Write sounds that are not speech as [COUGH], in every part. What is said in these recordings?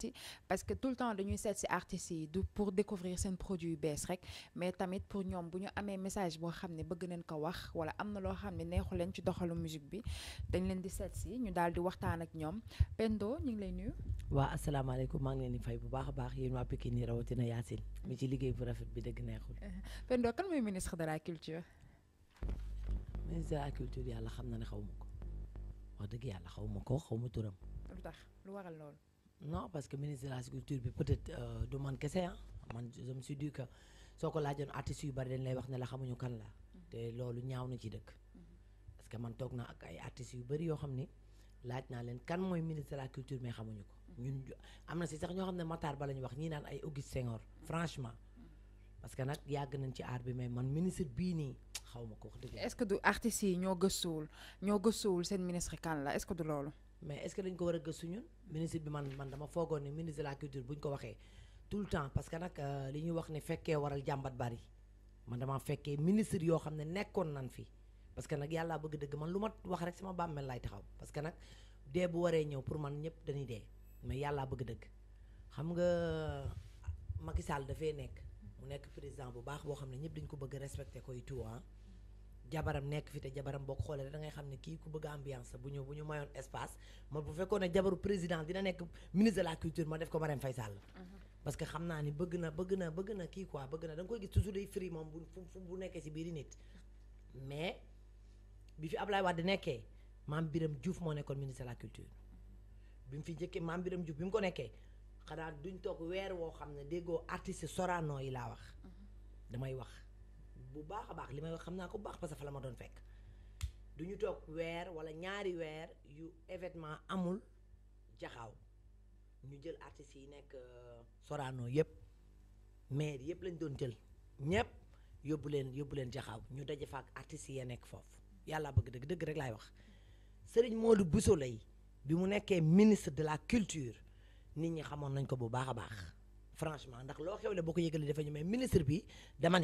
seeti parce que tout le temps dañuy seet si artistes pour découvrir seen produit yu rek mais tamit pour ñom bu ñu amee message bo xamné bëgg nañ ko wax wala am na loo xam neexu leen ci doxalu musique bi dañ leen di set ci ñu daal di waxtaan ak ñom Pendo ñu ngi lay nuyu. wa waa asalaamaaleykum ma ngi leen di fay bu baax a baax yéen waa Pikine nii na Yacine mi ci liggéey bu rafet bi dëgg neexul. [LAUGHS] Pendo kan moy ministre de la culture. ministre de la culture yàlla xam na ne xaw wax dëgg yalla xaw ma turam. lutax lu waral loolu. non parce que ministre de l'agriculture bi peut-être euh, du man kese ah man je me suis soo ko laajoon artistes yu bari dañ lay wax ne la xamuñu kan la. Mm-hmm. te loolu ñaaw na ci dëkk. Mm-hmm. parce que man toog naa ak ay artistes yu bari yoo xam ni laaj naa leen kan mooy ministre de la culture mais xamuñu ko. Mm-hmm. ñun am na si sax ñoo xam ne Matar Ba la ñu wax ñii naan ay Auguste Senghor franchement. parce que nag yàgg nañ ci aar bi mais man ministre bii nii xaw ma ko wax dëgg. est que du artistes yi ñoo gëstuwul ñoo gëstuwul seen ministre kan la est-ce que mais est-ce que dañ ko war a gëstu ñun ministre bi man man dama foogoon ni ministre la culture bu ñu ko waxee tout le temps parce que nag euh, li ñu wax ni fekkee waral jàmbat bari man dama fekkee ministre yoo xam ne nekkoon nan fii parce que nag yàllaa bëgg dëgg man lu ma wax rek sama bàmmeel lay taxaw parce que nag dee bu waree ñëw pour man ñëpp dañuy dee mais yàllaa bëgg dëgg xam nga Macky Sall dafay nekk mu nekk président bu baax boo xam ne ñëpp dañ ko bëgg respecté koy tout jabaram nekk fi te jabaram boo ko xoolee da ngay xam ne kii ku bëgg ambiance bu ñu bu ñu mayoon espace ma bu fekkoon ne jabaru président dina nekk ministre la culture ma def ko Marème Faye Sall mhm. parce que xam naa ni bëgg na bëgg na bëgg na kii quoi bëgg na da nga koy gis toujours day firi moom bu fu bu nekkee si biiri nit mais bi fi Ablaye Wade nekkee maam Biram juuf moo nekkoon ministre la culture bi mu fi njëkkee maam Biram Diouf bi mu ko nekkee xanaa duñ toog weer woo xam ne déggoo artiste Sorano yi laa wax mhm. damay wax bu baax a baax li may wax xam naa ko bu baax parce la ma doon fekk du ñu toog weer wala ñaari weer yu événement amul jaxaw ñu jël artistes yi nekk euh, Sorano yëpp maire yëpp lañ doon jël ñëpp yóbbu leen yóbbu leen jaxaw ñu daje fa ak artistes yi nekk foofu yàlla bëgg dëgg dëgg rek laay wax Serigne Modou Bousso lay bi mu nekkee ministre de la culture nit ñi xamoon nañ ko bu baax a baax franchement ndax loo xewle boo ko yëgalee dafa ñu mais ministre bi dama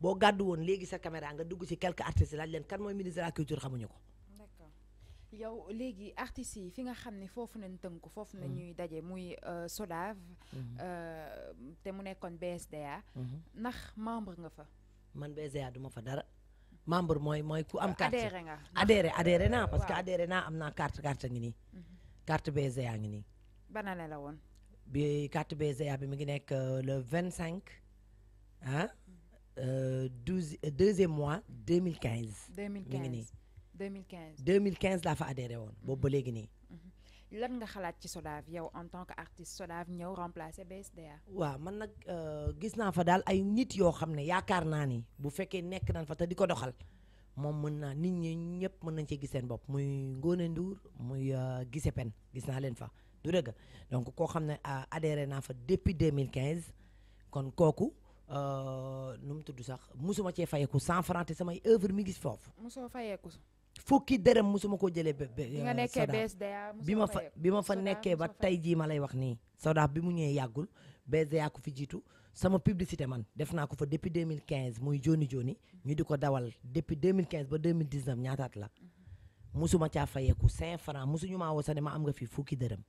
boo gàddu woon léegi sa caméra nga dugg ci quelques artistes laaj leen kan mooy ministre de la culture xamuñu ko. yow léegi artistes yi fi nga xam ne foofu nañ tënk foofu mm-hmm. na ñuy daje muy euh, SODAV mm-hmm. euh, te mu nekkoon BSDA mm-hmm. ndax membre nga fa man BSDA duma fa dara membre mooy mooy ku am carte adhéré nga adhéré adhéré naa parce que adhéré naa am naa carte carte ngi nii carte BSDA ngi nii banane la woon bi carte BSDA bi mu ngi nekk euh, le vingt cinq 12 euh, euh, deuxième mois 2015. 2015 2015 2015 laa fa adhéré woon mhm. boobu ba léegi nii. Mhm. lan nga ci yow en tant que artiste SODAV ñëw remplacer BSDA. wa man nag euh, gis naa fa daal ay nit yoo xam ne yaakaar naa ni bu fekkee fa te di doxal moom mën naa nit ñi ñep mën nañ ci gis seen muy Ngone Ndour muy Gise Pen gis na len fa du dëgg donc ko xam ne adhéré fa depuis 2015 kon koku Euh, nu mu tudd sax musuma cee fayeku cent franc te samay œuvre mi ngi foofu. musuma fayeku. fukki dërëm musuma koo jëlee ba euh, bi ma fa bi ma fa nekkee ba tey jii ma lay wax nii. Soda bi mu ñëwee yàggul BSDA ku fi jiitu sama publicité man def naa ko fa depuis 2015 muy joni joni ñu di ko dawal depuis 2015 ba 2019 ñaataat la mhm. musuma caa fayeku cinq franc musuñu maa woo sax ne ma am nga fi fukki dërëm.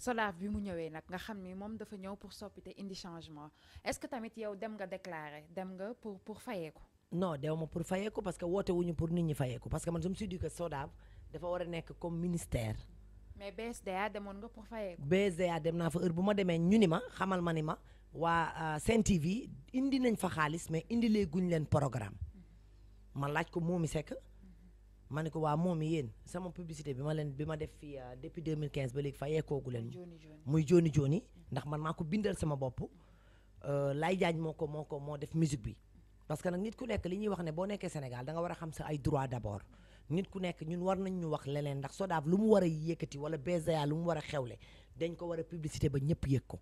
Sodav bi mu ñëwee nag nga xam ni moom dafa ñëw pour soppite indi changement est-ce que tamit yow dem nga déclarer dem nga pour pour fayee ko. non dew ma pour fayee ko parce que woote wuñu pour nit ñi fayee ko parce que man je me suis dit dafa war a nekk comme ministère. mais BSDA demoon nga pour fayee ko. BSDA dem naa fa heure bu ma demee ñu ni ma xamal ma ni ma waa euh, Sen TV indi nañ fa xaalis mais indi lee guñ leen programme mm-hmm. ma laaj ko Momy ma ne ko waa moom yéen sama publicité bi ma leen bi ma def fii euh, depuis 2015 ba léegi fayeekoogu leen muy jooni jooni ndax man maa ko bindal sama bopp euh, lay jaañ moo ko moo ko moo def musique bi parce que nag nit ku nekk li ñuy wax ne boo nekkee Sénégal danga nga war a xam sa ay droit d'abord nit ku nekk ñun war nañ ñu wax leneen ndax Sodav lu mu war a yëkkati wala BZA lu mu war a xewle dañ ko war a publicité ba ñëpp yëg ko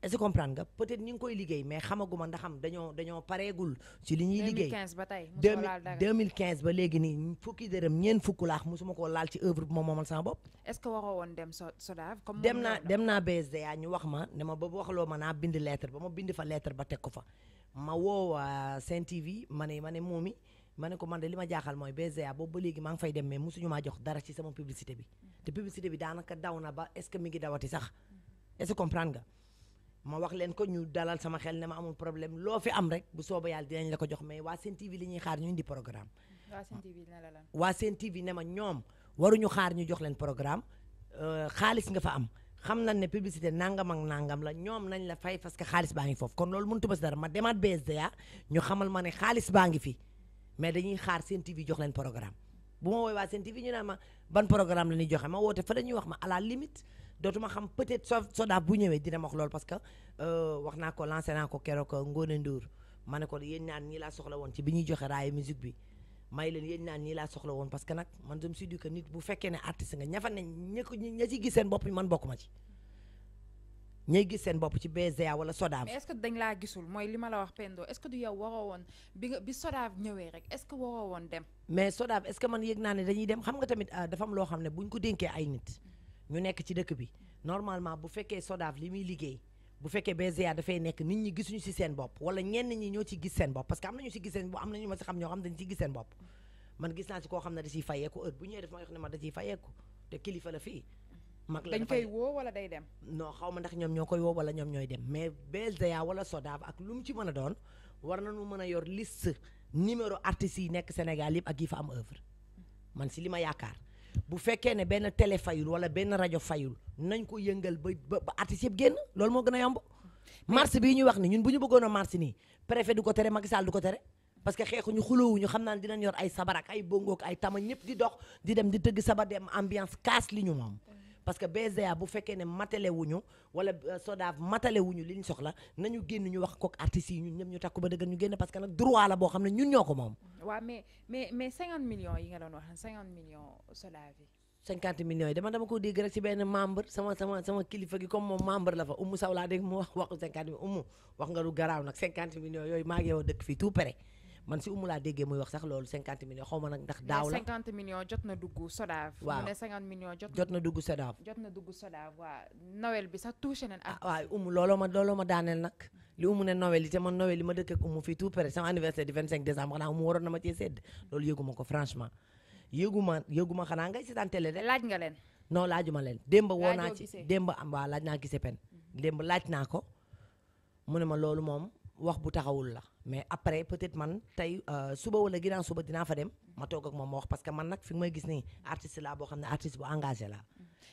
est-ce que nga peut-être ñu ngi koy liggéey mais xamaguma ndax am dañoo dañoo pareegul ci li ñuy liggéey ba tey 2015 ba léegi nii fukki dërëm ñeen fukk laax mosuma koo laal ci œuvre bi moom moomal sama bopp est-ce que waroo woon dem SODAV comme dem naa dem naa BSDA ñu wax ma ne ma ba waxloo ma naa bind lettre ba ma bind fa lettre ba teg ko fa ma woowaa Sen TV ma ne ma ne moomi ma ne ko man li ma jaaxal mooy BSDA boobu ba léegi maa ngi fay dem mais mosuñu maa jox dara ci sama publicité bi te publicité bi daanaka daw na ba est-ce que mi ngi dawati sax est-ce ma wax leen ko ñu dalal sama xel ne ma amul problème loo fi am rek bu sooba yàlla dinañ la ko jox mais waa Sen TV li ñuy xaar ñu indi programme. waa waa Sen TV ne ma ñoom waruñu xaar ñu jox leen programme euh, xaalis nga fa am xam nañ ne publicité nangam ak nangam la ñoom nañ la fay parce que xaalis baa ngi foofu kon loolu mënut a dara ma demaat BSDA ñu xamal ma ne xaalis baa ngi fi mais dañuy xaar Sen TV jox leen programme bu ma woowee waa Sen TV ñu naan ma ban programme la ñuy joxe ma woote fa dañuy wax ma à la dootuma xam peut-être so soda bu ñëwee dina ma wax loolu parce que euh, wax naa ko lancé naa ko keroog euh, Ngone Ndour ma ne ko yéen ñaan ñii laa soxla woon ci bi ñuy joxe raayu musique bi may leen yéen ñaan ñii laa soxla woon parce que nag man je me nit bu fekkee ne artiste nga ña fa ne ña ci gis seen bopp man bokk ma ci. ñay gis seen bopp ci BZA wala Sodav. mais est-ce que dañ laa gisul mooy li ma la wax Pendo est-ce que du yow waroo woon bi nga ñëwee rek est que waroo woon dem. mais Sodav est-ce que man naa ne dañuy dem xam nga tamit euh, dafa am loo xam ne buñ ko dénkee ay nit. ñu nekk ci dëkk bi normalement bu fekkee SODAV li muy liggéey bu fekkee BZA dafay nekk nit ñi gisuñu si seen bopp wala ñenn ñi ñoo ci gis seen bopp parce am nañu si gis seen bopp am xam ñoo xam dañu si gis seen man gis naa si koo xam ne da ciy fayeeku heure bu ñëwee def ma wax fii mag la dañ koy woo wala day dem noo xaw ma ndax ñoom ñoo koy woo wala ñoom ñooy dem mais BZA wala SODAV ak lu mu ci mën a doon war nañu mën a yor liste numéro artistes yi nekk Sénégal yëpp ak yi fa am œuvre man si li ma yaakaar bu fekkee ne benn télé fayul wala benn rajo fayul nañ ko yëngal ba ba artiste yëpp génn loolu moo gën a yomb. mars bi ñuy wax ni ñun bu ñu bëggoon a mars nii préfet du ko tere Macky Sall du ko tere. parce que xeexu ñu xulóowu ñu xam naa ne dinañ yor ay sabarak ay bongook ay tama ñëpp di dox di dem di tëgg sabar dem ambiance kaas li ñu moom. parce que BZA bu fekkee ne matale wuñu wala euh, SODAV li ñu soxla nañu génn ñu wax kook artistes yi ñun ñëpp ñu takku ba dëgg ñu génn parce que nag droit la boo xam ne ñun ñoo ko moom. waaw mais mais mais 50 millions yi nga doon wax 50 millions SODAV yi. 50 millions yi dama dama ko dégg rek ci benn membre sama sama sama kilifa gi comme moom membre la fa Oumou nag 50 millions yooyu maa ngi dëkk fii tout près man si umu laa déggee muy wax sax loolu 50 millions xaw ma nag ndax daaw la 50 jot na dugg Sodav. waaw jot na jot na dugg Sodav. jot na dugg Sodav waaw Noël bi sax touché nañ. ah waaw umu looloo ma looloo ma daaneel nag li umu ne Noël yi te ma dëkk ak umu fii tout ma cee sedd loolu yëguma ko franchement yëguma xanaa ngay seetaan télé laaj nga leen. non laajuma leen. démb woo naa ci démb am waaw laaj naa gisee pen. démb laaj naa ko mu ne ma loolu moom wax bu taxawul la mais après peut-être man tey euh, suba wala ginnaaw suba dinaa fa dem ma toog ak moom ma wax parce que man nag fi nga may gis nii artiste laa boo xam ne artiste bu engagé la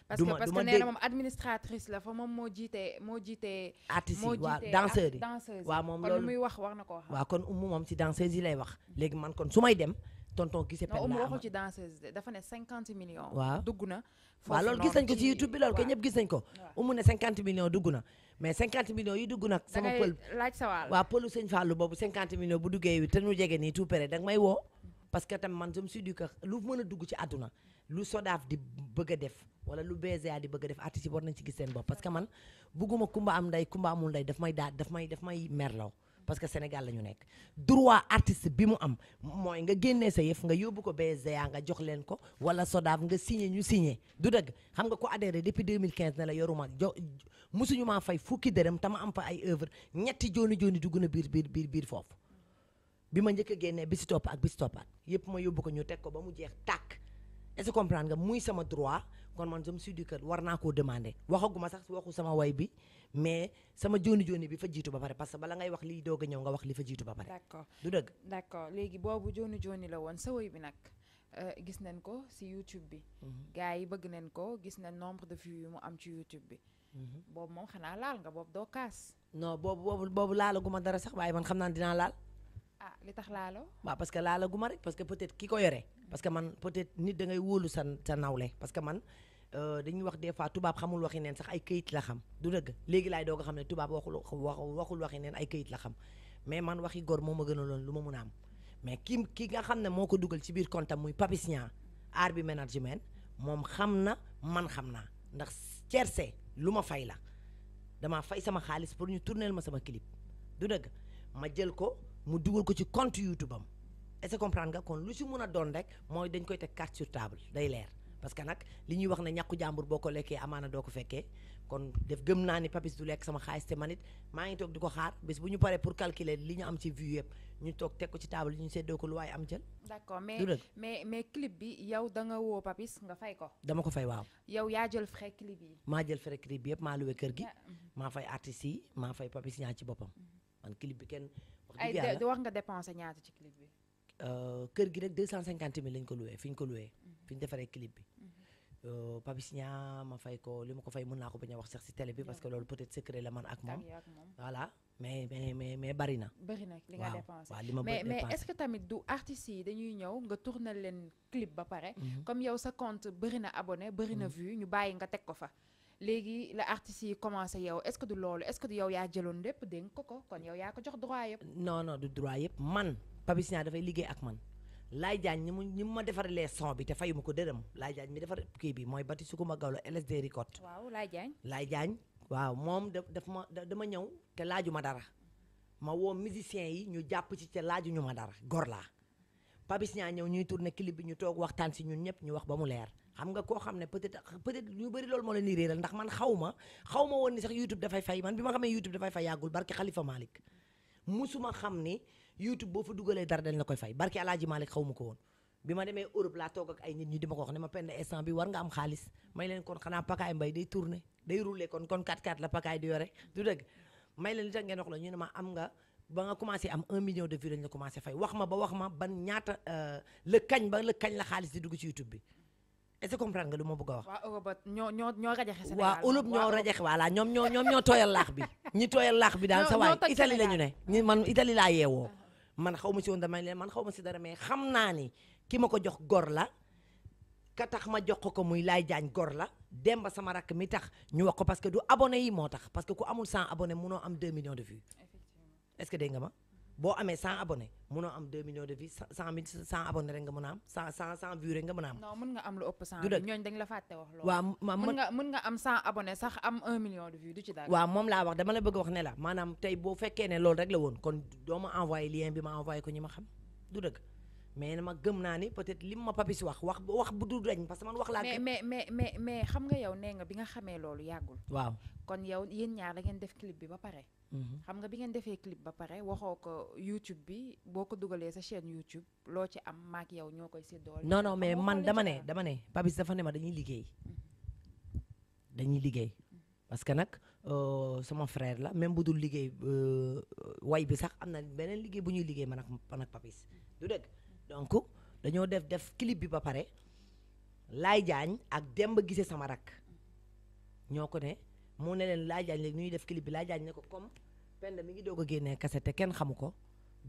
parce que parce moom administratrice la fa moom moo jiitee moo jiitee artiste yi waaw danseurs yi waaw moom loolu muy wax war na ko wax waa kon umu moom ci danseurs yi lay wax léegi man kon su may dem tonton Guissé Penda amul waxul ci danseuse dafa ne cinquante millions. waaw dugg na. waaw loolu gis nañ ko ci YouTube bi loolu kay ñëpp gis nañ ko. umu ne cinquante millions dugg na mais cinquante millions dugg nag. sama pël laaj sa waal waaw pëlu sëñ Fallou boobu cinquante bu duggee wi te nu jege nii tout pare danga may woo. Mm-hmm. parce que tam man je me suis dit que lu mën a dugg ci àdduna lu sodaaf di bëgg a def wala lu BZA di bëgg def artiste yi war nañ ci gis seen bopp parce que man bugguma kumba am nday kumba amul nday daf may daal daf may daf may merloo parce que Sénégal la ñu nekk droit artiste bi mu am mooy nga génnee sa yëf nga yóbbu ko BZA nga jox leen ko wala SODAV nga signé ñu signé du dëgg xam nga ko adhéré depuis 2015 ne la yoruma jo musuñu maa fay fukki dërëm tama am fa ay œuvre ñetti jooni jooni dugg na biir biir biir biir foofu bi ma njëkk a génnee bi si topp ak bi si yëpp ma yóbbu ko ñu teg ko ba mu jeex tàkk est-ce que nga muy sama droit kon man je me suis war naa koo demander waxaguma sax waxu sama way bi mais sama jooni jooni bi fa jiitu ba pare parce que bala ngay wax liy doog a ñëw nga wax li fa jiitu ba pare. d'accord du dëgg. d'accord léegi boobu jooni jooni la woon sa woy bi nag euh, gis nañ ko si YouTube bi. Mhm. gars yi bëgg nañ ko gis nañ nombre de vues yu mu am ci YouTube bi. Mhm. boobu moom xanaa laal nga boobu doo kaas. non boobu boobu boobu laalaguma dara sax waaye man xam naa dinaa laal. ah li tax laaloo. waaw parce que laalaguma rek parce que peut-être ki ko yore. parce que man peut-être nit da ngay wóolu sa sa nawle parce que man. Euh, dañuy wax des fois tubaab xamul waxi neen sax ay kayit la xam du dëgg léegi laay doo nga xam ne tubaab waxul waxul waxi neen ay këyit la xam mais man waxi góor moo ma gënaloon lu ma mun a am mais ki ki nga xam ne moo ko dugal ci biir kontam muy Papis aar bi management moom xam na man xam naa ndax cerse lu ma fay la damaa fay sama xaalis pour ñu tourneel ma sama clip du dëgg ma jël ko mu dugal ko ci compte YouTube am est-ce nga kon lu si mun a doon rek mooy dañ koy teg carte sur table day leer parce que nag li ñuy wax ne ñàkku jàmbur boo ko lekkee amaana doo ko fekkee kon def gëm naa ni papis du lekk sama xaalis te man it maa ngi toog di ko xaar bu ñu paree pour calculer li ñu am ci vue yëpp ñu toog teg ko ci table ñu seddoo ko lu waaye am jël. d'accord mais mais mais clip bi yow da nga woo papis nga fay ko. dama ko fay waaw. yow yaa jël frais clip yi. maa jël frais clip bi yëpp maa luwe kër gi. Ah, mhm. maa fay artistes yi maa fay papis ñaa ci boppam. Mhm. man clip bi kenn wax wax nga dépensé ñaata ci clip bi. Euh, kër gi rek 250 000 lañ ko luwee fi ñu ko luwee fi ñu defaree clip bi. Euh, Pape Signa ma fay ko li ma ko fay mën naa ko bañ a wax sax si télé bi parce que loolu peut-être secret la man ak moom. voilà mais mais mais mais bari na. bari na li nga dépensé waaw li ma mais mais est-ce que tamit du artiste yi dañuy ñëw nga tourner leen clip ba pare. Mhm. comme yow sa compte bari na abonné bari na mhm. vue ñu bàyyi nga teg ko fa. léegi la artiste yi commencé yow est-ce que du loolu est-ce que yow yaa jëloon lépp dénk ko ko kon yow yaa ko jox droit yëpp. non non du droit yëpp man Pape Signa dafay liggéey ak man. Laye Diagne ñi mu ñi ma defaree son bi te fayuma ko dërëm Laye Diagne defar kii bi mooy bati sukuma gawlo LSD record. waaw Laye Diagne. Laye Diagne waaw moom da daf ma dama ñëw te laaju ma dara ma woo musiciens yi ñu jàpp ci te laajuñu ma dara gor laa Papis ñaa ñëw ñuy tourné clip bi ñu toog waxtaan si ñun ñëpp ñu wax ba mu leer. xam nga koo xam ne peut-être peut-être ñu bëri loolu moo leen di réeral ndax man xaw ma xaw ma woon ni sax YouTube dafay fay man bi ma xamee YouTube dafay fay yàggul barke Khalifa Malick musuma xam ni. YouTube boo fa dugalee dara dañ na koy fay barki Alaaji Malik xaw ma ko woon bi ma demee Europe laa toog ak ay nit ñi di ma ko wax ne ma penn instant bi war nga am xaalis may leen kon xanaa pakaay mbay day tourné day roulé kon kon 4-4 la pakaay di yore du dëgg may leen li tax ngeen wax la ñu ne ma am nga ba nga commencé am 1 million de vues lañ la commencé fay wax ma ba wax ma ban ñaata euh, le kañ ba le kañ la xaalis di dugg ci YouTube bi est ce que comprendre nga lu ma bëgg a ñoo ñoo ñoo rajaxe Sénégal waa Europe ñoo rajaxe voilà ñoo ñoom ñoo tooyal bi ñi tooyal bi daal [LAUGHS] sa waay Italie la ne ñi man Italie laa yeewoo man xaw ma si woon damay leen man xaw ma si dara mais xam naa ni ki ma ko jox gor la ka tax ma jox ko ko muy laay jaañ gor la dem ba sama rakk mi tax ñu wax ko parce que du abonné yi moo tax parce que ku amul 100 abonné munoo am 2 millions de vues est-ce que nga ma. boo amee cent abonnés mënoo am 2 millions de vues 100 mille 100 abonnés rek nga mën a am 100 100 100 vues rek nga mën a am. non mën nga am lu ëpp 100. du dëgg ñooñu dañ la fàtte wax loolu. waaw moom laa wax dama la bëgg wax ne maanaam tey boo fekkee ne loolu rek la woon kon doo ma envoyé lien bi ma envoyé ko ñi ma xam du dëgg. mais naa ni peut-être lim ma papis wax wax wax bu dul dañ parce que man wax laa. mais mais mais xam nga yow nee nga bi nga xamee loolu yàggul. waaw kon yow yéen ñaar da def clip bi ba pare Mm-hmm. xam nga bi ngeen defee clip ba pare waxoo ko YouTube bi boo ko dugalee sa chaîne YouTube loo ci am maak yow ñoo koy séddoo. non non mais man dama ne dama ne Papis dafa ne ma dañuy liggéey mm-hmm. dañuy liggéey mm-hmm. parce que nag euh, sama frère la même bu dul liggéey euh, way bi sax am na beneen liggéey bu ñuy liggéey man ak man ak Papis du dëgg donc dañoo def def clip bi ba pare laay jaañ ak Demba gisee sama rak ñoo ko ne. mu ne leen laajaañ léegi nu ñuy def clip bi laajaañ ne ko comme Penda mi ngi doog a génnee kaset kenn xamu ko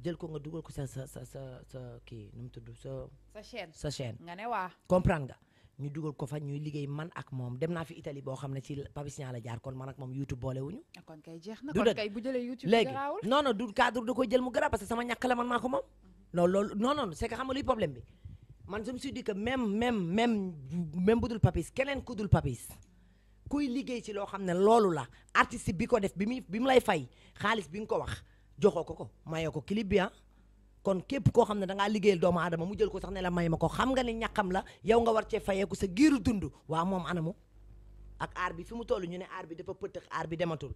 jël ko nga dugal ko sa sa sa sa sa kii nu mu tudd sa. sa chaîne sa chaîne. nga ne waa comprendre nga. ñu dugal ko fa ñuy liggéey man ak moom dem naa fi Italie boo xam ne ci Papis Niang la jaar kon man ak moom YouTube boole wuñu ah, kon kay jeex na kon kay bu jëlee YouTube léegi non non du cadre da koy jël mu garab parce que sama ñàkk la man maa ko moom. loolu loolu non non est que xam nga luy problème bi man je me suis dit que même même même même bu dul Papis keneen ku dul Papis kuy liggéey si loo xam ne loolu la artiste bi ko def bi muy bi mu lay fay xaalis bi nga ko wax joxoo ko ko mayoo ko clip bi ah. kon képp koo xam ne dangaa liggéeyal doomu adama mu jël ko sax ne la may ma ko xam nga ne ñàkkam la yow nga war cee fayeeku sa giiru dund waa moom anamu ak aar bi fi mu toll ñu ne aar bi dafa pëtëx aar bi dematul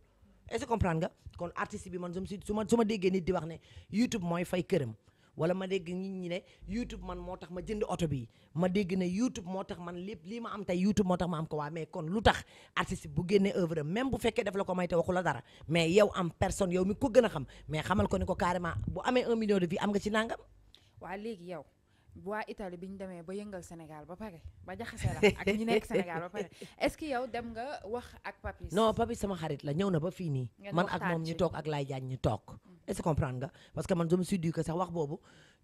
est-ce que nga kon artiste bi man su suma su ma déggee nit di wax ne YouTube mooy fay këram wala ma dégg nit ñi ne YouTube man moo tax ma jënd oto bi ma dégg ne YouTube moo tax man lépp lii ma am tey YouTube moo tax ma am ko waa mais kon lu tax artiste bu génnee œuvre même bu fekkee def la ko may te waxula dara mais yow am personne yow mi ko gën a xam mais xamal ko ni ko carrément bu amee un million de vues am nga ci nangam. waa léegi yow. waa Italie bi ñu demee ba yëngal Sénégal ba pare ba jaxase la ak ñi nekk Sénégal ba pare [LAUGHS] est-ce que yow dem nga wax ak Papis. non Papis sama xarit la ñëw na ba fii nii. man ak moom ñu toog ak Laye Diagne ñu toog. Mhm. est-ce que nga parce que man je me suis dit sax wax boobu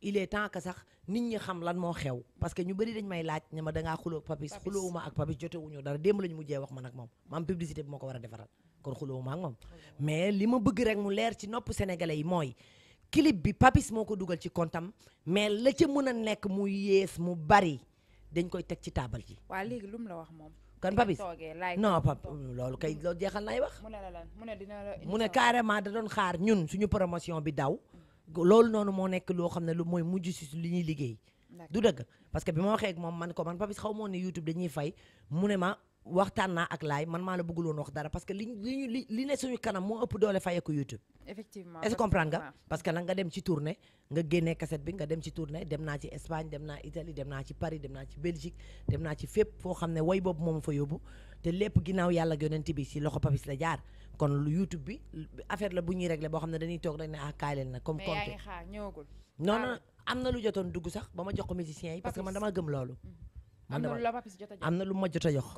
il est temps que sax nit ñi xam lan moo xew parce que ñu bëri dañ may laaj ne ma dangaa xuloo Papis xuloowuma ak Papis jotewuñu dara démb lañu mujjee wax man ak moom ma am publicité bi ma ko war a defaral kon xuloowuma ak moom li ma bëgg rek mu leer ci nopp sénégalais yi mooy clip bi papis moo ko dugal ci kontam mais la ci mën a nekk mu yées mu bari dañ koy teg ci taabal ji. waa léegi lu mu la wax moom. kan papis non pap loolu kay loolu jeexal nay wax. mu ne la lan dina mu ne carrément da doon xaar ñun suñu promotion bi daw. loolu noonu moo nekk loo xam ne lu mooy mujj si li ñuy liggéey. du dëgg parce que bi ma waxee ak moom man ko man papis xaw moo ne YouTube dañuy fay mu ne ma. waxtaan naa ak laay man maa la bëgguloon wax dara parce que li li li li ne suñu kanam moo ëpp doole fayeeku YouTube. effectivement est-ce que comprendre nga. parce nag nga dem ci tournée nga génnee cassette bi nga dem ci tournée dem naa ci Espagne dem naa Italie dem naa ci Paris dem naa ci Belgique fépp foo xam ne way boobu moom fa yóbbu te lépp ginnaaw yàlla ak yonent bi si loxo papis la jaar kon lu YouTube bi affaire la bu ñuy régler boo xam ne dañuy toog rek ne ah kaay leen nag. comme compte mais lu jotoon dugg sax ba ma jox ko musiciens yi. parce que man dama gëm loolu. Mm-hmm. am na lu ma jot a jox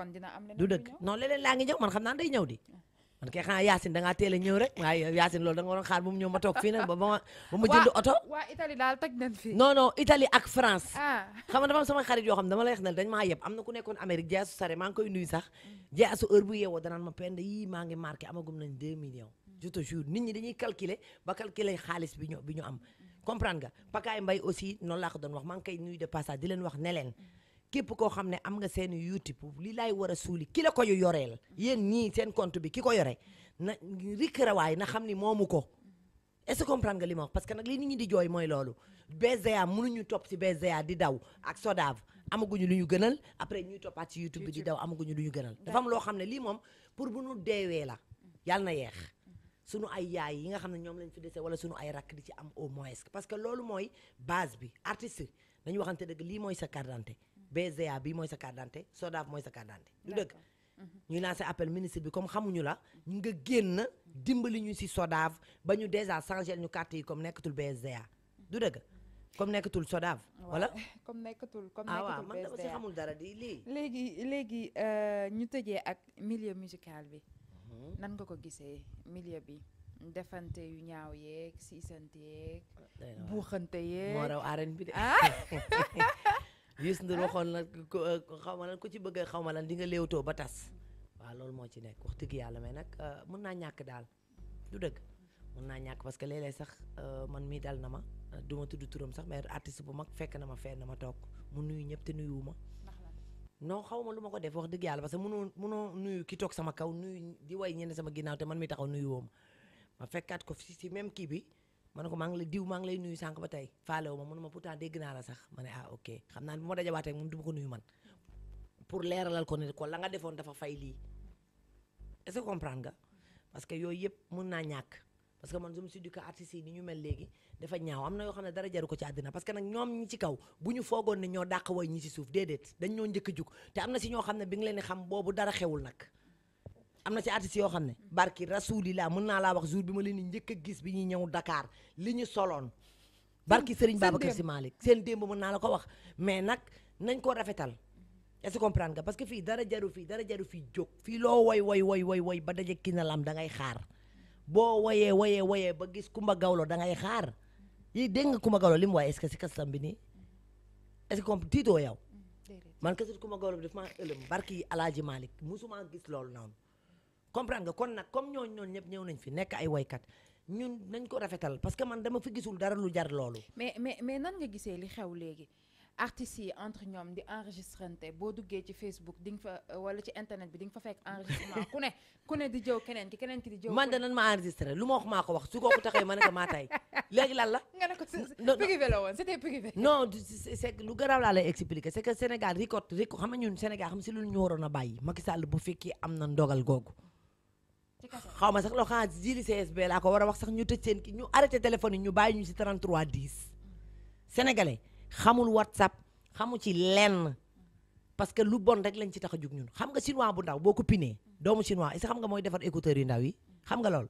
du dëgg non leneen laa ngi ñëw man xam naa day ñëw di ah. man kay xanaa Yacine da ngaa ñëw rek waaye Yacine loolu da nga waroon xaar bu mu ñëw ma toog fii nag ba ma [LAUGHS] ba ma jënd oto waa non non Italie ak France ah. xam nga dafa sama xarit yoo xam dama lay wax ne dañ maa yeb am na ku nekkoon Amérique jeesu sare maa ngi koy nuyu sax mm. jeesu heure bu yeewoo danaan ma pend yii maa ngi marqué amagum nañ 2 millions mm. je te jure nit ñi dañuy calculer ba calculer xaalis bi ñu bi ñu am mm. comprendre nga Pakaay Mbaye aussi noonu laa ko doon wax maa ngi koy nuyu de leen wax ne leen képp koo xam ne am nga seen youtube lii laay war a suuli ki la ko yu yoreel yéen ñii seen compte bi ki ko yore na rikkarawaay na xam ni moomu ko est-ce que nga li ma parce que nag li nit ñi di jooy mooy loolu BZA mënuñu topp si BZA di daw ak Sodav amaguñu lu ñu gënal après ñuy toppaat si youtube bi di daw amaguñu lu ñu gënal dafa am loo xam ne lii moom pour bu nu deewee la yàlla na yeex sunu ay yaay yi nga xam ne ñoom lañ fi dese wala sunu ay rakk di ci am au moins parce que loolu mooy base bi artiste dañu waxante dëgg lii mooy sa carte BZA bi mooy sa carte d'identité SODAV mooy sa carte d'identité lu dëgg mhm. ñuy lancé appel ministre bi comme xamuñu la ñu nga génn dimbali ñu si SODAV ba ñu dèjà changé ñu carte yi comme nekkatul BZA du mhm. dëgg comme nekkatul SODAV wala [LAUGHS] comme nekkatul comme ah nekkatul BZA man dama dara di lii léegi léegi euh, ñu tëjee ak millier musical bi mhm. nan nga ko gisee millier bi defante yu ñaaw yeeg siisante yeeg buuxante yeeg [LAUGHS] Youssou Ndour ah. waxoon na xaw ma lan ku ci bëgg xaw ma lan di nga léewtoo ba tas waaw loolu moo ci nekk wax dëgg yàlla may nag euh, mën naa ñàkk daal du dëgg mën naa ñàkk parce que léeg-léeg sax euh, man mii dal na ma euh, du ma tudd turam sax mais artiste bu mag fekk na ma fenn ma toog mu nuyu ñëpp te nuyuwuma non noo ma lu ma ko def wax dëgg yàlla parce que mënoo mënoo nuyu ki toog sama kaw nuyu di way ñenn sama ginnaaw te man mi taxaw nuyu wooma ma fekkaat ko fi si même kii bi ma ne ko maa ngi lay diw maa lay nuyu sànq ba tey faalewu ma mënu ma pourtant dégg naa la sax ma ne ah ok xam naa ne bu ma dajawaatee moom du ma ko nuyu man pour leeralal ko ne ko la nga defoon dafa fay lii est-ce que comprendre nga parce yooyu yëpp mun naa ñàkk parce que man je me suis dit que yi ni ñu mel léegi dafa ñaaw am na yoo xam ne dara jaru ko ci àddina parce que nag ñoom ñi ci kaw bu ñu foogoon ne ñoo dàq way ñi ci suuf déedéet dañ ñoo njëkk a te am na si ñoo xam ne bi nga leen di xam boobu dara xewul nag am na ci artistes yoo xam ne barki rasulillah mën naa laa wax jour bi ma leen di njëkk a gis bi ñuy ñëw Dakar li ñu soloon barki Serigne Babacar Sy Malick seen démb mën naa la ko wax mais nag nañ ko rafetal est-ce que comprendre nga parce que fii dara jaru fii dara jaru fii jóg fii loo woy woy woy woy woy ba daje kii na lam da ngay xaar boo woyee woyee woyee ba gis Kumba Gawlo da ngay xaar yi dégg nga Kumba Gawlo li lim waaye est-ce que si kastam bi nii est-ce que comme tiitoo yow mm, man kasut Kumba Gawlo bi daf maa ëlëm barki Alaaji Malick musuma gis loolu noonu comprendre nga kon nag comme ñooñ ñooñu ñëpp ñëw nañ fi nekk ay waykat ñun nañ ko rafetal parce que man dama fi gisul dara lu jar loolu. mais mais mais nan nga gisee li xew léegi. artistes yi entre ñoom di enregistrante boo duggee ci Facebook di nga fa euh, wala ci internet bi di nga fa fekk enregistrement [LAUGHS] ku ne ku ne di jëw keneen ki keneen ki di jëw man danan ma enregistré lu ma wax maa ko wax su kooku taxee ma ne ko maa tay léegi lan la nga ne ko privé la woon si lu ñu waroon a bàyyi Macky Sall bu fekkee am na ndogal googu xawma sax l'occurrence jili CSB la ko war a wax sax ñu tëj ki ñu arrêté téléphone yi ñu bàyyi ñu si 33 10 sénégalais xamul whatsapp xamu ci lenn parce que lu bon rek lañ ci tax a jug ñun xam nga chinois bu ndaw boo ko pinee doomu chinois est-ce xam nga mooy defar écouteur yu ndaw yi xam nga lool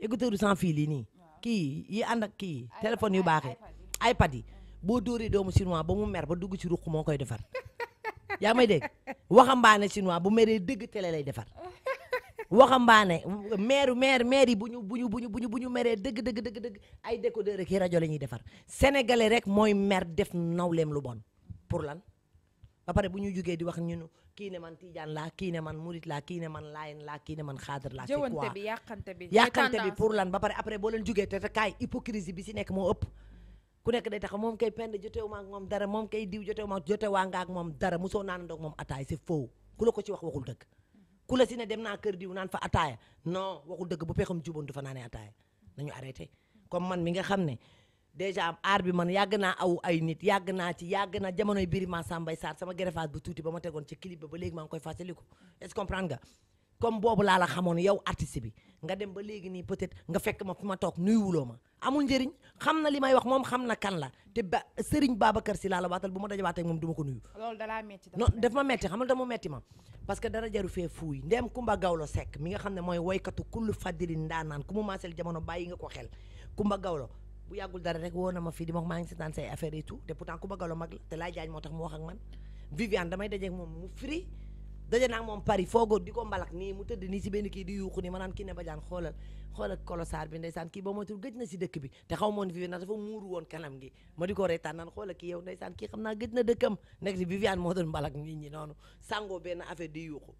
écouteur yu sans fil yi nii kii yi ànd ak kii téléphone yu baaxee iPad yi boo dóoree doomu chinois ba mu mer ba dugg ci ruq moo koy defar [LAUGHS] yaa may dégg waxambaane chinois bu meree dëgg télé lay defar [LAUGHS] waxambaane maire maire maire yi buñu buñu buñu buñu buñu ñu deug deug deug deug ay décodeur ak radio lañuy défar sénégalais rek moy maire def nawlem lu bon pour lan ba paré buñu ñu di wax ñunu ki ne man Tidiane laki ki ne man Murit la ki ne man Layen la ki ne man khadir laki c'est quoi bi yàqante bi yàqante bi pour lan ba paré après bo leen jugee té te kaay hypocrisie bi ci nek mo ëpp ku nek day tax mom kay pend jotewuma ak mom dara mom kay diw jotewuma jote waa nga ak mom dara mosoo naan ndoog moom ataay c'est faux ku la ko ci wax waxul deug ku la si ne dem naa kër diw naan fa ataaya no waxul dëgg bu pexam juboon du fa naanee ataaya nañu arrêté comme man mi nga xam ne déjà aar bi man yàgg naa aw ay nit yàgg naa ci yàgg naa jamonoy Birima Sambay Sarr sama greffage bu tuuti ba ma tegoon ci clip ba ba léegi maa ngi koy fàttaliku est-ce comprendre nga comme boobu laa la xamoon yow artiste bi nga dem ba léegi nii peut-être nga fekk ma fi ma toog nuyuwuloo ma amul njëriñ xam na li may wax moom xam na kan la te ba Serigne Babacar Sy laa la waatal bu ma dajawaatee moom du ma ko nuyu. loolu da laa metti non daf ma metti xam nga mu metti ma. parce que dara jaru mi nga xam ne mooy woykatu kullu fadili ndaanaan ku mu maaseel jamono bàyyi nga ko xel Kumba Gawlo bu yàggul dara rek woo ma fii di maa ngi seetaan say affaires et tout te pourtant Kumba Gawlo mag la te laay jaañ moo moom mu firi daje naa moom Paris foogoo di ko mbalak nii mu tëdd nii si benn kii di yuuxu ni ma naan kii ne bajaan xoolal xoolal kolosaar bi ndeysaan kii ba moytul gëj na si dëkk bi te xaw moon Viviane dafa muuru woon kanam gi ma di ko reetaan naan xoolal kii yow ndeysaan kii xam naa gëj na dëkkam nekk si Viviane moo doon mbalak nit ñi noonu sàngoo benn affaire di yuuxu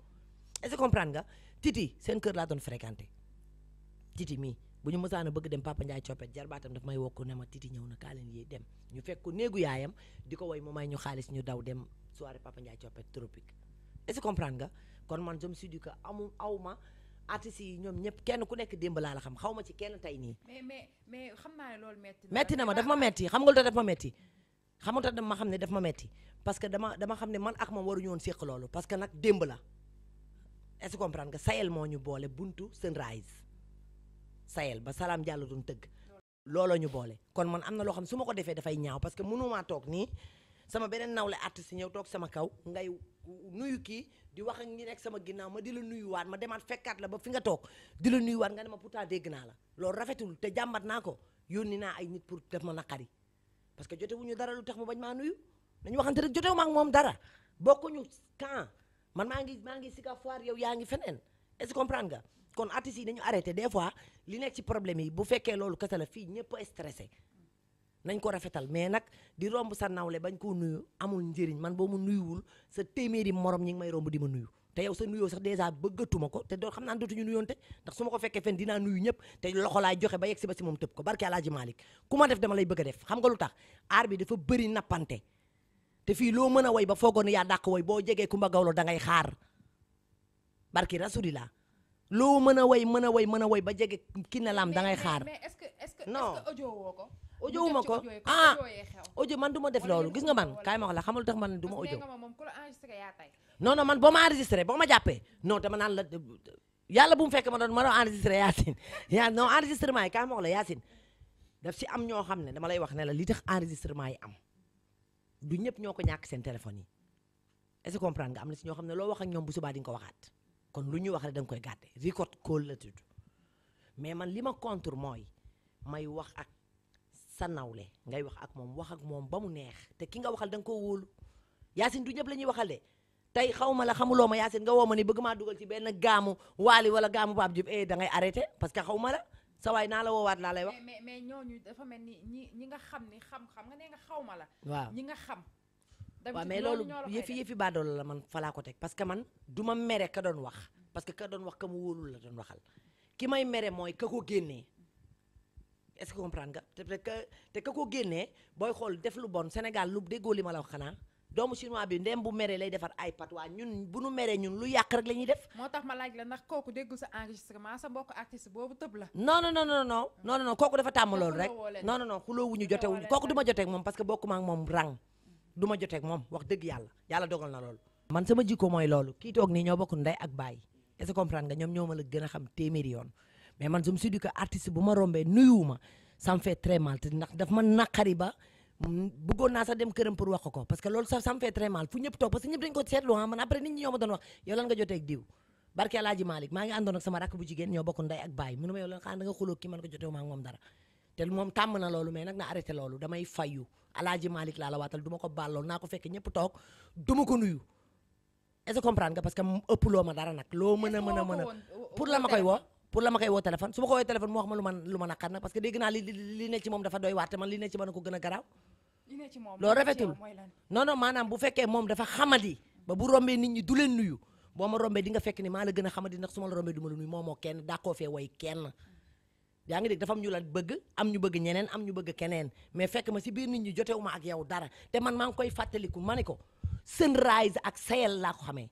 est-ce que comprendre nga titi seen kër laa doon fréquenté titi mii bu ñu mësaan a bëgg dem papa Ndiaye coppet jarbaatam daf may wokk ne ma titi ñëw na kaa leen yee dem ñu fekk ko néegu di ko woy mu may ñu xaalis ñu daw dem soirée papa Ndiaye coppet tropique est-ce que comprendre nga kon man je me suis dit que amul aw ma artistes yi ñoom ñëpp kenn ku nekk démb laa la xam xaw ma ci kenn tey nii. mais mais mais xam naa ne loolu metti na metti na ma daf ma metti xam nga lu tax daf ma metti xam nga lu tax dama xam ne daf ma metti parce que dama dama xam ne man ak moom waruñu woon séq loolu parce que nag démb la est-ce que comprendre nga Sahel moo ñu boole buntu Sunrise Sahel ba Salam Diallo doon tëgg. looloo ñu boole kon man am na loo xam ne su ma ko defee dafay ñaaw parce que mënumaa toog nii. sama beneen nawle artiste ñëw toog sama kaw ngay nuyu kii di wax ak ñi nekk sama ginnaaw ma di la nuyuwaat ma demaat fekkaat la ba fi nga toog di la nuyuwaat nga ne ma pourtant dégg naa la loolu rafetul te jàmbat naa ko yónni naa ay nit pour def ma naqari parce que jote wuñu dara lu tax mu bañ maa nuyu nañu waxante rek jotewu ma ak moom dara ñu camp man maa ngi maa ngi Sika Foire yow yaa ngi feneen est-ce que nga kon artistes yi dañu arrêté des fois li nekk problème yi bu fekkee loolu kese la fii ñëpp stressé nañ ko rafetal mais nag di romb sa nawle bañ koo nuyu amul njëriñ man boo mu nuyuwul sa téeméeri morom ñi ngi may romb di ma nuyu te yow sa nuyoo sax dèjà bëggatuma ko te doon xam naa dootuñu te ndax su ma ko fekkee fen dinaa nuyu ñëpp te loxo laay joxe ba yegg ba si moom tëb ko barke Alaaji Malick ku ma def dama lay bëgg a def xam nga lu tax aar bi dafa bëri nappante te fii loo mën a woy ba foogoon yaa daq woy boo jegee Kumba Gawlo da ngay barki rasulillah loo mën a woy mën a woy mën a woy ba jege Kiné Lam da ngay xaar. mais est-ce que est-ce que audio woo ko ojowuma ko ah ojo man du ma def loolu gis nga man kaay ma la xamal lu tax man du ma ojo non non man boo ma enregistré boo ma jàppee non dama naan la yàlla bu mu fekk ma doon ma doon enregistré Yacine [LAUGHS] yaa non enregistrement yi kaay la Yacine daf si am ñoo xam ne dama lay wax ne la li tax enregistrement yi am du ñëpp ñoo ko ñàkk seen téléphone yi est-ce nga am na si ñoo xam ne loo wax ak ñoom bu subaa di nga ko waxaat kon lu ñuy wax rek da nga koy gàdde record call la tudd mais man li ma contre mooy may wax ak sa nawle ngay wax ak moom wax ak moom ba mu neex te ki nga waxal da nga koo wóolu Yacine du ñëpp la ñuy waxal de tey xaw ma la xamuloo ma Yacine nga woo ma ni bëgg maa dugal ci benn gaamu waali wala gaamu Pape eh, da ngay arrêté parce que xaw la sa naa la woowaat laa lay wax. mais mais ñooñu dafa mel ni ñi ñi nga xam ni xam-xam nga ne xaw ma la. waaw ñi nga xam. waaw mais loolu yëfi yëfi baadoolo la man falaa ko teg parce que man du ma mere ka doon wax parce que ka doon wax ka mu wóolul la doon waxal ki may mere mooy ka ko génnee est-ce que comprendre nga te ka ko génne booy xool def lu bon Sénégal lu déggoo li ma la wax xanaa doomu chinois bi ndem bu meree lay defar ay pat waa ñun bu nu meree ñun lu yàq rek la ñuy def. moo tax ma laaj la ndax kooku déggu sa enregistrement sa mbokk artiste boobu tëb la. non non non non non kooku dafa tàmm loolu rek. non non non xuloowuñu jotewuñu kooku du ma moom parce que bokkuma ak moom rang du ma joteeg moom wax yàlla yàlla dogal na loolu. man sama jikko mooy loolu kii toog nii ñoo bokk ndey ak baay est-ce que ma la gën a xam téeméeri yoon mais man je me suis dit que artiste bu ma rombee nuyuwuma ça me fait mal te ndax daf ba bëggoon naa dem këram pour wax ko parce que loolu sax ça me fait très mal fu ñëpp toog parce que ñëpp dañ ko seetlu ah ñoo ma doon wax yow lan nga na loolu mais nag na arrêté loolu damay fayu Alaaji Malick laa la waatal du ma ko baal loolu nuyu est-ce que comprendre ëpp loo ma dara nag loo mën a mën a mën a pour la ma koy woo pour la ma koy woo téléphone su ma ko woowee téléphone mu wax ma lu man lu nag parce que moom dafa doy waar te gën a garaaw loolu rafetul non non moom dafa xamadi ba bu rombee nit ñi du leen nuyu boo ma rombee di nga fekk ni maa la gën a xamadi ndax su ma la rombee du ma la nuyu moo kenn daa yaa ngi dégg dafa am bëgg am ñu bëgg ñeneen am ñu bëgg keneen mais fekk ma si biir nit ñi jotewu ma ak yow dara te man maa ngi koy fàttaliku ma ne ko Sunrise ak Sahel laa ko xamee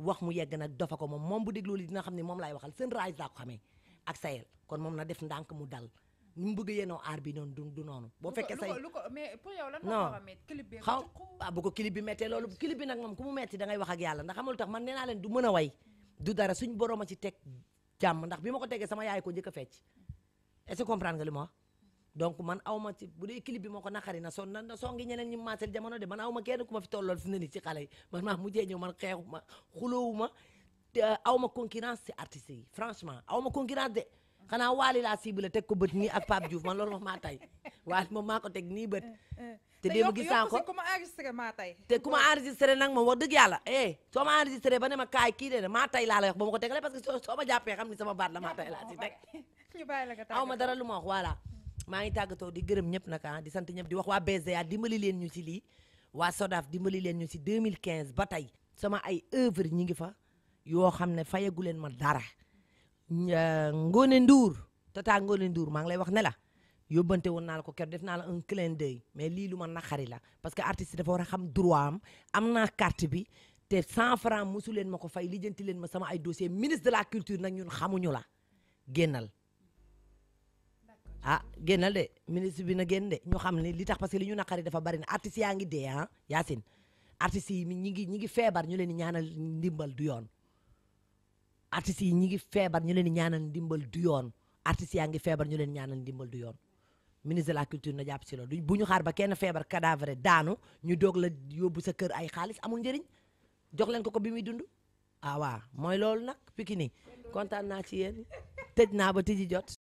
wax mu yegg nag dafa ko moom moom bu dégloo li dina xam ni moom laay waxal seen raaj laa ko xamee ak sayel kon moom na def ndànk mu dal ni mu bëgg yéenoo aar bi noonu du du noonu. boo fekkee say lu ko mais pour a métti clip bi xaw ah bu bi méttee loolu clip bi nag moom ku mu metti da ngay wax ak yàlla ndax xamul tax man nee naa leen du mën a way du dara suñ borom a ci teg jàmm ndax bi ma ko tegee sama yaay ko njëkk a fecc est-ce que comprendre nga li ma donc man aw ma bu dee clip bi moo na son na songi ñeneen ñi maasel jamono de man aw ma kenn ku ma fi tollool fi man maa mujjee ñëw man xeexu ma xulóowu ma aw ma concurrence ci artistes franchement aw concurrence de xanaa waali laa cible teg ko bët nii a Pape Diouf man loolu moom maa tay waali moom ko teg nii bët te démb gis naa ko te ku ma enregistré maa tay te ku ma enregistré nag moom wax dëgg yàlla eh soo ma enregistré ba ne ma kaay kii de ne maa tay laa la wax ba ko tegalee parce que soo ma jàppee xam ni sama baat [LAUGHS] maa ngi tàggatoo di gërëm ñëpp nag ah di sant ñëpp di wax waa BZA dimbali leen ñu ci lii waa SODAF dimbali leen ñu ci 2015 ba tey sama ay œuvre ñi ngi fa yoo xam ne fayagu leen ma dara ngoone nduur Ndour tata Ngone nduur maa ngi lay wax ne la yóbbante woon naa ko ker def naa la un clin d'œil mais lii lu ma naqari la parce que artiste dafa war a xam droit am am naa carte bi te cent francs mosu leen ma ko fay lijjanti leen ma sama ay dossier ministre de la culture nag ñun xamuñu la génnal ah génnal de ministre bi na génn de ñu xam ne li tax parce que li ñu naqari dafa bari na artistes yaa ngi de ah Yacine artistes yi ñi ngi ñi ngi feebar ñu leen di ñaanal ndimbal du yoon artistes yi ñi ngi feebar ñu leen di ñaanal ndimbal du yoon artistes yaa ngi feebar ñu leen ñaanal ndimbal du yoon ministre de la culture na jàpp si loolu bu ñu xaar ba kenn feebar cadavre daanu ñu doog la yóbbu sa kër ay xaalis amul njëriñ jox leen ko ko bi muy dund ah mooy loolu nag Pikini kontaan naa ci yéen tëj naa ba tëji jot